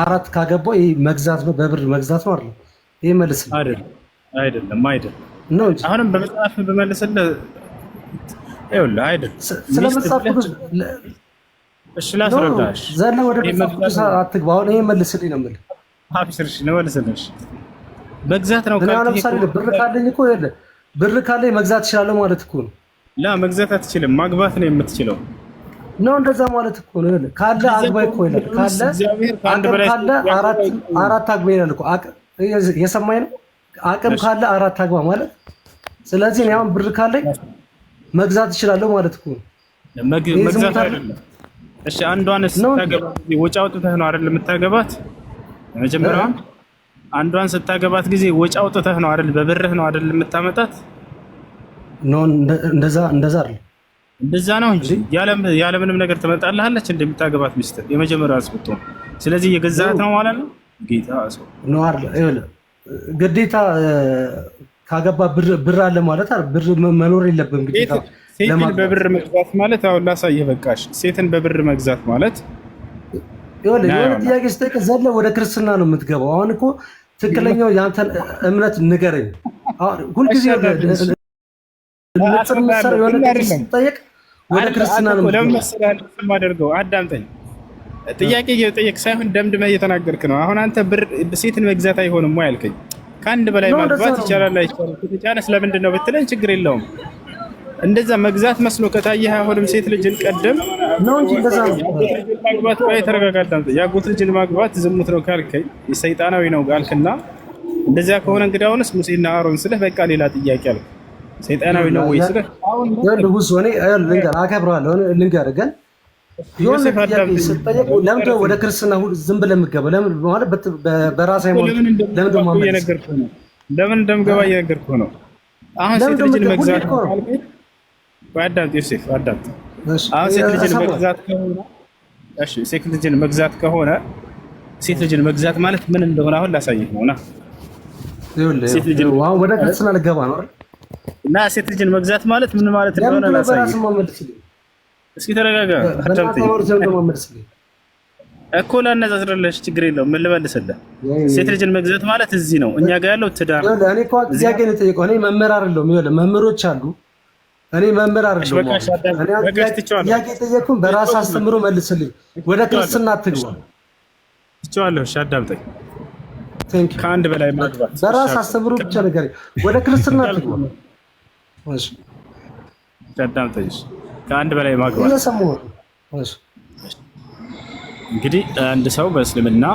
አራት ካገባው ይሄ መግዛት ነው፣ በብር መግዛት ነው አይደል? ይሄ መልስ ነው አይደለም? አይደለም ነው እንጂ አሁንም በመጽሐፍ በመልስልህ ይኸውልህ አይደለም። ስለ መጽሐፍ ቅዱስ እሺ፣ ላስረዳሽ ዘለ ወደ አትግባ። አሁን ይሄ መልስልኝ ነው የምልህ። ነው መልስልሽ። መግዛት ነው ለምሳሌ ብር ካለኝ እኮ ይኸውልህ፣ ብር ካለኝ መግዛት እችላለሁ ማለት እኮ ነው። ላ መግዛት አትችልም፣ ማግባት ነው የምትችለው ነው እንደዛ ማለት እኮ ነው። ካለ አግባይ እኮ ይላል። ካለ ካለ አራት አራት አግባይ ይላል እኮ የሰማይ ነው። አቅም ካለ አራት አግባ ማለት ስለዚህ እኔ አሁን ብር ካለኝ መግዛት እችላለሁ ማለት እኮ መግዛት አይደለም እሺ። አንዷን ስታገባ ወጪ አውጥተህ ነው አይደል የምታገባት? መጀመሪያዋ አንዷን ስታገባት ጊዜ ወጪ አውጥተህ ነው አይደል? በብርህ ነው አይደል የምታመጣት? ኖ እንደዛ እንደዛ አይደል እንደዛ ነው እንጂ ያለምንም ነገር ትመጣልሃለች። እንደምታገባት ሚስት የመጀመሪያ አስብቶ ስለዚህ የገዛት ነው ማለት ነው። ጌታ ነው ሰው ግዴታ ካገባ ብር አለ ማለት ብር መኖር የለብም ግዴታ። ሴትን በብር መግዛት ማለት አሁን ላሳየህ፣ በቃሽ። ሴትን በብር መግዛት ማለት የሆነ ጥያቄ ስጠይቅ ዘለ ወደ ክርስትና ነው የምትገባው። አሁን እኮ ትክክለኛው የአንተን እምነት ንገረኝ። ሁልጊዜ ጠይቅ ወደ ክርስትና ነው ለምን መሰለህ የማደርገው አዳምጠኝ ጥያቄ እየጠየቅ ሳይሆን ደምድመህ እየተናገርክ ነው አሁን አንተ ብር ሴትን መግዛት አይሆንም ወይ አልከኝ ከአንድ በላይ ማግባት ይቻላል አይቻልም ከተጫነስ ለምንድን ነው ብትለኝ ችግር የለውም እንደዛ መግዛት መስሎ ከታየህ አሁንም ሴት ልጅን ቀደም ነው እንጂ እንደዛ ነው ማግባት ላይ ተረጋጋልታም ያጎት ልጅን ማግባት ዝሙት ነው ካልከኝ ሰይጣናዊ ነው ጋልክና እንደዚያ ከሆነ እንግዲህ አሁንስ ሙሴና አሮን ስለህ በቃ ሌላ ጥያቄ አልኩ ሰይጣናዊ ነው ወይስ ነው? ንጉስ ሆኔ ልንገር፣ አከብረዋለሁ ልንገርህ፣ ግን ለምንድን ነው ወደ ክርስትና ዝም ብለህ የምትገባው? በራስህ ለምን እንደምገባ እየነገርኩህ ነው። አሁን ሴት ልጅን መግዛት አዳምጥ፣ ዮሴፍ አዳምጥ። አሁን ሴት ልጅን መግዛት ከሆነ እሺ፣ ሴት ልጅን መግዛት ከሆነ ሴት ልጅን መግዛት ማለት ምን እንደሆነ አሁን ላሳይህ ነውና ሴት ልጅን ወደ ክርስትና ልገባ ነው እና ሴት ልጅን መግዛት ማለት ምን ማለት እንደሆነ ላሳይህ። እስኪ ተረጋጋ እኮ ላነጻጽርልህ። ችግር የለውም። ምን ልመልስልህ? ሴት ልጅን መግዛት ማለት እዚህ ነው። እኛ ጋር ያለው ትዳር ነው። እኔ እኮ ጥያቄ ነው የጠየቀው። እኔ መምህር አይደለሁም። ይኸውልህ መምህሮች አሉ። እኔ መምህር አይደለሁም። ጥያቄ ጠየቅኩህ፣ በራስህ አስተምሮ መልስልኝ። ወደ ክርስትና አትግባ። ትቼዋለሁ። እሺ አዳምጠኝ። ከአንድ በላይ ማግባት በራስህ አስተምሮ ብቻ ነገር ወደ ክርስትና አትግባ ቀዳም ከአንድ በላይ ማግባት እንግዲህ አንድ ሰው በእስልምና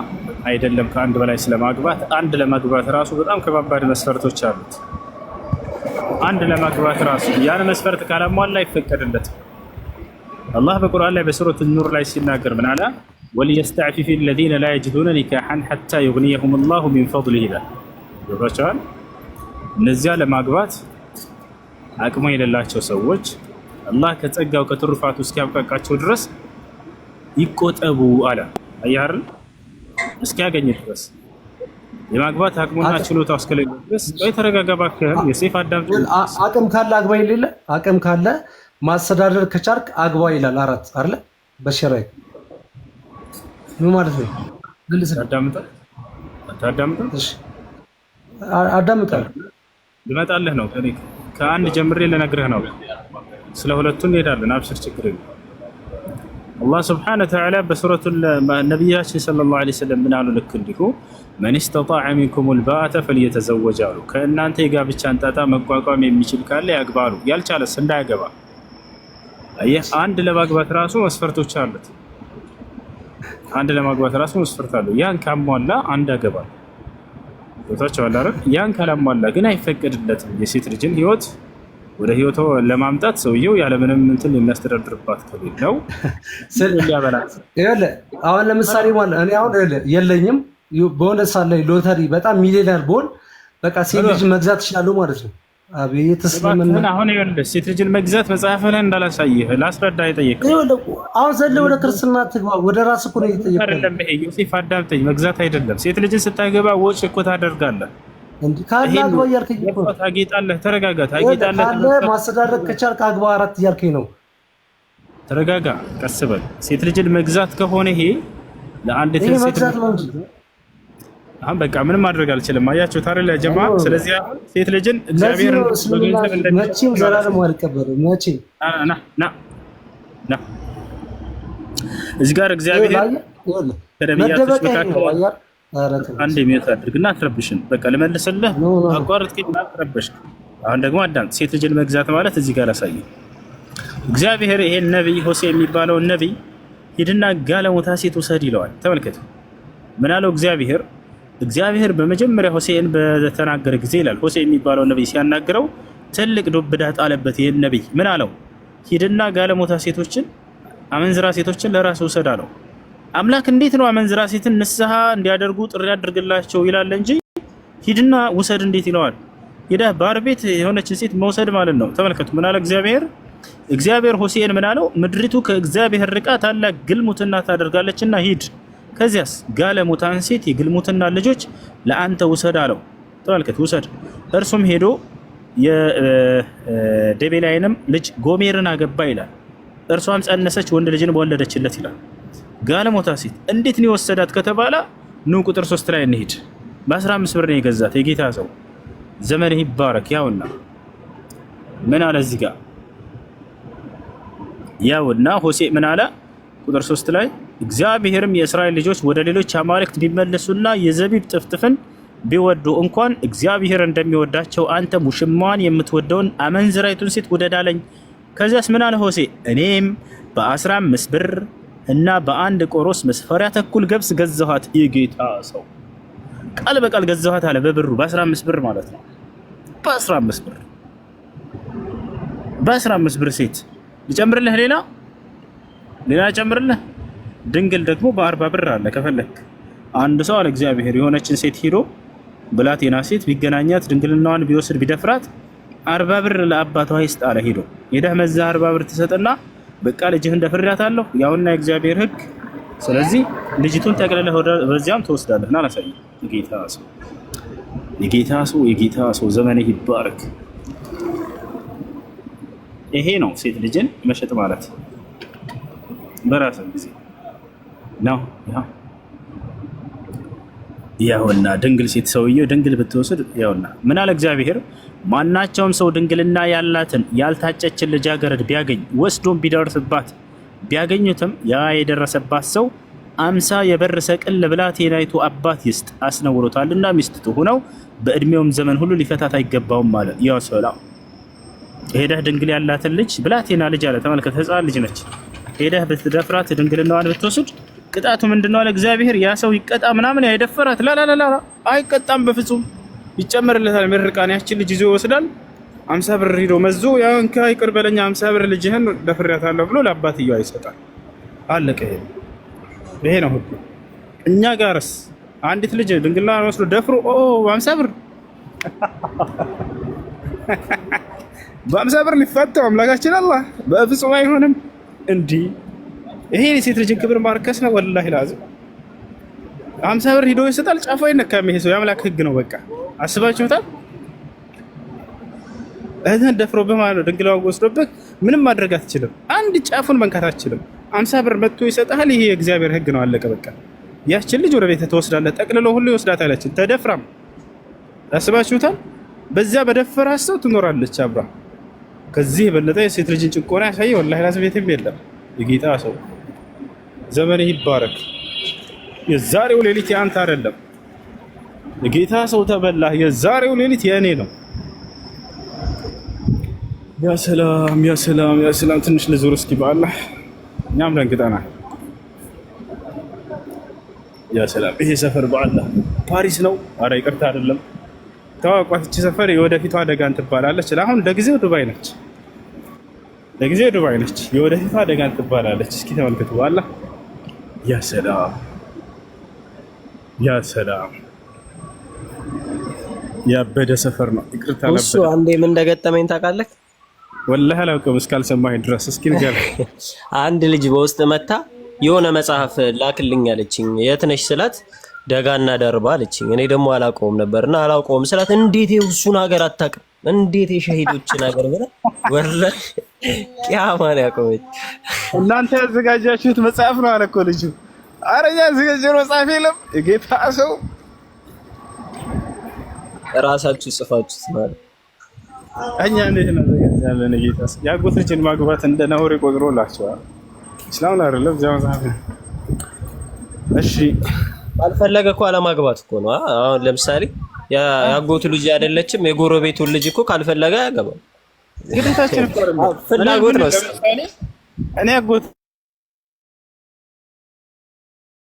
አይደለም ከአንድ በላይ ስለማግባት አንድ ለማግባት ራሱ በጣም ከባባድ መስፈርቶች አሉት። አንድ ለማግባት ራሱ ያን መስፈርት ካላሟላ አይፈቀድለትም። አላህ በቁርአን ላይ በሱረት ኑር ላይ ሲናገር ምን አለ? ወሊየስተዕፊፍ ለዚነ ላ የጅዱነ ኒካሐን ሐታ ዩግኒየሁም ላሁ ሚን ፈድሊህ ይላል። ይባቸዋል እነዚያ ለማግባት አቅሙ የሌላቸው ሰዎች አላህ ከጸጋው ከትሩፋቱ እስኪያብቃቃቸው ድረስ ይቆጠቡ አለ። አያር እስኪያገኝ ድረስ የማግባት አቅሙና ችሎታው እስከሌለ ድረስ ወይ ተረጋጋ እባክህ። የሴፍ አዳም አቅም ካለ አግባ የሌለ አቅም ካለ ማስተዳደር ከቻርክ አግባ ይላል። አራት አለ በሸራይ ምን ማለት ነው? ግልጽ አዳምጣ አዳምጣ አዳምጣ ልመጣልህ ነው። ከአንድ ጀምሬ ልነግርህ ነው። ስለ ሁለቱ እንሄዳለን። አብሽር፣ ችግር የለም። አላህ ስብሓነሁ ወተዓላ በሱረቱ ነቢያችን ሰለላሁ ዐለይሂ ወሰለም ምን አሉ? ልክ እንዲሁ መን ስተጣዐ ሚንኩሙል ባአተ ፈልየተዘወጅ አሉ። ከእናንተ የጋብቻን ጣጣ መቋቋም የሚችል ካለ ያግባሉ፣ ያልቻለስ እንዳያገባ። አየህ፣ አንድ ለማግባት ራሱ መስፈርቶች አሉት። አንድ ለማግባት ራሱ መስፈርት አለው። ያን ካሟላ አንድ ያገባል። ቦታቸዋል አረ ያን ካላሟላ ግን አይፈቀድለትም። የሴት ልጅን ህይወት ወደ ህይወቷ ለማምጣት ሰውየው ያለምንም እንትን የሚያስተዳድርባት ከሌለው አሁን ለምሳሌ ማለት እኔ አሁን የለኝም በሆነ ሳት ላይ ሎተሪ በጣም ሚሊዮነር ብሆን በቃ ሴት ልጅ መግዛት ይችላሉ ማለት ነው። አቤት እስልምና አሁን ይኸውልህ ሴት ልጅን መግዛት መጽሐፍ ላይ እንዳላሳየህ ላስረዳ የጠየቅህ አሁን ዘለ ወደ ክርስትና ትግባ ወደ ራስ እኮ ነው የጠየቅህ አይደለም ይሄ ዮሴፍ አዳምጠኝ መግዛት አይደለም ሴት ልጅን ስታገባ ወጪ እኮ ታደርጋለህ እንዴ ካለ አግባ እያልከኝ እኮ ታጌጣለህ ተረጋጋ ታጌጣለህ ካለ ማስተዳደር ከቻልክ አግባ አራት እያልከኝ ነው ተረጋጋ ቀስ በል ሴት ልጅን መግዛት ከሆነ ይሄ ለአንድ ሴት ልጅ አሁን በቃ ምንም ማድረግ አልችልም። አያቸው ታሪ ለጀማ ስለዚህ ሴት ልጅን እግዚአብሔር መቼም ዘላለም አልቀበልም። መቼም ና ና ና እዚህ ጋር እግዚአብሔር አንድ በቃ አቋርጥ አሁን ደግሞ አዳም ሴት ልጅን መግዛት ማለት እዚህ ጋር አሳየ። እግዚአብሔር ይሄን ነቢይ ሆሴ የሚባለውን ነቢይ ሂድና ጋለሞታ ሴት ውሰድ ይለዋል። ተመልከት ምናለው እግዚአብሔር እግዚአብሔር በመጀመሪያ ሆሴን በተናገረ ጊዜ ይላል ሆሴ የሚባለው ነብይ ሲያናግረው ትልቅ ዱብዳ ጣለበት። ይህን ነብይ ምን አለው? ሂድና ጋለሞታ ሴቶችን አመንዝራ ሴቶችን ለራስ ውሰድ አለው። አምላክ እንዴት ነው አመንዝራ ሴትን ንስሐ እንዲያደርጉ ጥሪ ያደርግላቸው ይላል እንጂ ሂድና ውሰድ እንዴት ይለዋል? ሂደህ ባር ቤት የሆነችን ሴት መውሰድ ማለት ነው። ተመልከቱ ምን አለ እግዚአብሔር እግዚአብሔር ሆሴን ምን አለው? ምድሪቱ ከእግዚአብሔር ርቃ ታላቅ ግልሙትና ታደርጋለችና ሂድ ከዚያስ ጋለሞታን ሴት የግልሙትና ልጆች ለአንተ ውሰድ አለው። ተመልከት፣ ውሰድ። እርሱም ሄዶ የደቤላይንም ልጅ ጎሜርን አገባ ይላል። እርሷም ጸነሰች፣ ወንድ ልጅን በወለደችለት ይላል። ጋለሞታ ሴት እንዴት ነው የወሰዳት ከተባለ ኑ ቁጥር ሶስት ላይ እንሂድ። በ15 ብር ነው የገዛት። የጌታ ሰው ዘመን ይባረክ። ያውና ምን አለ እዚህ ጋር ያውና ሆሴዕ ምን አለ ቁጥር 3 ላይ እግዚአብሔርም የእስራኤል ልጆች ወደ ሌሎች አማልክት ቢመለሱና የዘቢብ ጥፍጥፍን ቢወዱ እንኳን እግዚአብሔር እንደሚወዳቸው አንተ ሙሽማዋን የምትወደውን አመንዝራይቱን ሴት ውደዳለኝ ከዚያስ ምን አለ ሆሴ? እኔም በአስራ አምስት ብር እና በአንድ ቆሮስ መስፈሪያ ተኩል ገብስ ገዛኋት። የጌታ ሰው ቃል በቃል ገዛኋት አለ። በብሩ በአስራ አምስት ብር ማለት ነው። በአስራ አምስት ብር በአስራ አምስት ብር ሴት ልጨምርልህ። ሌላ ሌላ ጨምርልህ ድንግል ደግሞ በአርባ ብር አለ። ከፈለክ አንድ ሰው አለ እግዚአብሔር የሆነችን ሴት ሂዶ ብላቴና ሴት ቢገናኛት ድንግልናዋን ቢወስድ ቢደፍራት አርባ ብር ለአባቷ ይስጥ አለ። ሂዶ ሄደህ መዛ አርባ ብር ትሰጥና በቃ ልጅህ እንደፍሬያታለሁ ያውና የእግዚአብሔር ሕግ። ስለዚህ ልጅቱን ጠቅልለህ በዚያም ትወስዳለህ። ና ላሳየህ። የጌታ ሰው የጌታ ሰው የጌታ ሰው ዘመንህ ይባረክ። ይሄ ነው ሴት ልጅን መሸጥ ማለት በራስ ጊዜ ነው። ያውና ድንግል ሴት ሰውየው ድንግል ብትወስድ ያውና ምን አለ እግዚአብሔር፣ ማናቸውም ሰው ድንግልና ያላትን ያልታጨችን ልጃገረድ ቢያገኝ ወስዶም ቢደርስባት ቢያገኙትም ያ የደረሰባት ሰው አምሳ የብር ሰቅል ለብላቴናይቱ አባት ይስጥ፣ አስነውሮታልና ሚስት ትሁነው፣ በእድሜውም ዘመን ሁሉ ሊፈታት አይገባውም አለ። ያው ሰላ ሄደህ ድንግል ያላትን ልጅ ብላቴና ልጅ አለ። ተመልከተ፣ ህፃን ልጅ ነች። ሄደህ ብትደፍራት ድንግልናዋን ብትወስድ ቅጣቱ ምንድን ነው አለ እግዚአብሔር። ያ ሰው ይቀጣ ምናምን ያይደፈራት ላላላላ አይቀጣም፣ በፍጹም ይጨመርለታል። ምርቃን ያችን ልጅ ይዞ ይወስዳል። አምሳ ብር ሂዶ መዞ ያን ከይቅር በለኛ አምሳ ብር ልጅህን ደፍሬያታለሁ ብሎ ለአባትየዋ አይሰጣል። አለቀ። ይሄ ይሄ ነው ህጉ። እኛ ጋርስ አንዲት ልጅ ድንግልና ወስዶ ደፍሮ ኦ አምሳ ብር በአምሳ ብር ሊፈታው አምላካችን አላህ በፍጹም አይሆንም እንዲህ ይሄ የሴት ልጅን ክብር ማርከስ ነው። ወላሂ ላዝም አምሳ ብር ሂዶ ይሰጣል። ጫፉ አይነካም። ይሄ ሰው የአምላክ ህግ ነው። በቃ አስባችሁታል። እህትህን ደፍሮብህ ማለት ነው። ድንግላዋን ወስዶብህ ምንም ማድረግ አትችልም። አንድ ጫፉን መንካት አትችልም። አምሳ ብር መጥቶ ይሰጣል። ይሄ የእግዚአብሔር ህግ ነው። አለቀ በቃ። ያችን ልጅ ወደ ቤተ ተወስዳለ። ጠቅልሎ ሁሉ ይወስዳት አለችን። ተደፍራም አስባችሁታል። በዚያ በደፈራ ሰው ትኖራለች አብራ። ከዚህ የበለጠ የሴት ልጅን ጭቆና ያሳየ ወላሂ ላዝም ቤትም የለም የጌታ ሰው ዘመን ይባረክ። የዛሬው ሌሊት የአንተ አይደለም። የጌታ ሰው ተበላህ። የዛሬው ሌሊት የእኔ ነው። ያ ሰላም፣ ያ ሰላም፣ ያ ሰላም። ትንሽ ልዙር እስኪ በአላህ እኛም ደንግጠናል። ያ ሰላም፣ ይሄ ሰፈር በአላህ ፓሪስ ነው። አረ ይቅርታ አይደለም ተዋቋፍቺ ሰፈር የወደፊቷ ደጋን ትባላለች። አሁን ለጊዜው ዱባይ ነች። ለጊዜው ዱባይ ነች። የወደፊቷ አደጋን ትባላለች። እስኪ ተመልከቱ በአላህ ያ ሰላም ያ ሰላም ያበደ ሰፈር ነው። ይቅርታ ነበር እሱ። አንዴ ምን እንደገጠመኝ ታውቃለህ? ወላሂ አላውቅም እስካልሰማኸኝ ድረስ። እስኪ ንገረኝ። አንድ ልጅ በውስጥ መታ የሆነ መጽሐፍ ላክልኝ አለችኝ። የት ነሽ ስላት ደጋና ደርባ አለችኝ። እኔ ደግሞ አላውቀውም ነበርና አላውቀውም ስላት እንዴት እሱን ሀገር አታውቅም? እንዴት የሸሂዶችን ሀገር ብለህ ወላሂ ቅያማን ያቆመች እናንተ ያዘጋጃችሁት መጽሐፍ ነው አለ እኮ ልጁ። ኧረ እኛ ያዘጋጀነው መጽሐፍ የለም። የጌታ ሰው እራሳችሁ ጽፋችሁት ማለት እኛ እንዴት እናዘጋጃለን? ጌታ ያጎት ልጅን ማግባት እንደ ነውር ቆጥሮላቸዋል። እስላምን አይደለም እዚያ መጽሐፍ ነው። እሺ አልፈለገ እኮ አለማግባት እኮ ነው። አሁን ለምሳሌ ያጎቱ ልጅ አይደለችም የጎረቤቱን ልጅ እኮ ካልፈለገ ያገባል። ግዴታችን እኮ ነው። ፍላጎት ነው። እኔ አጎት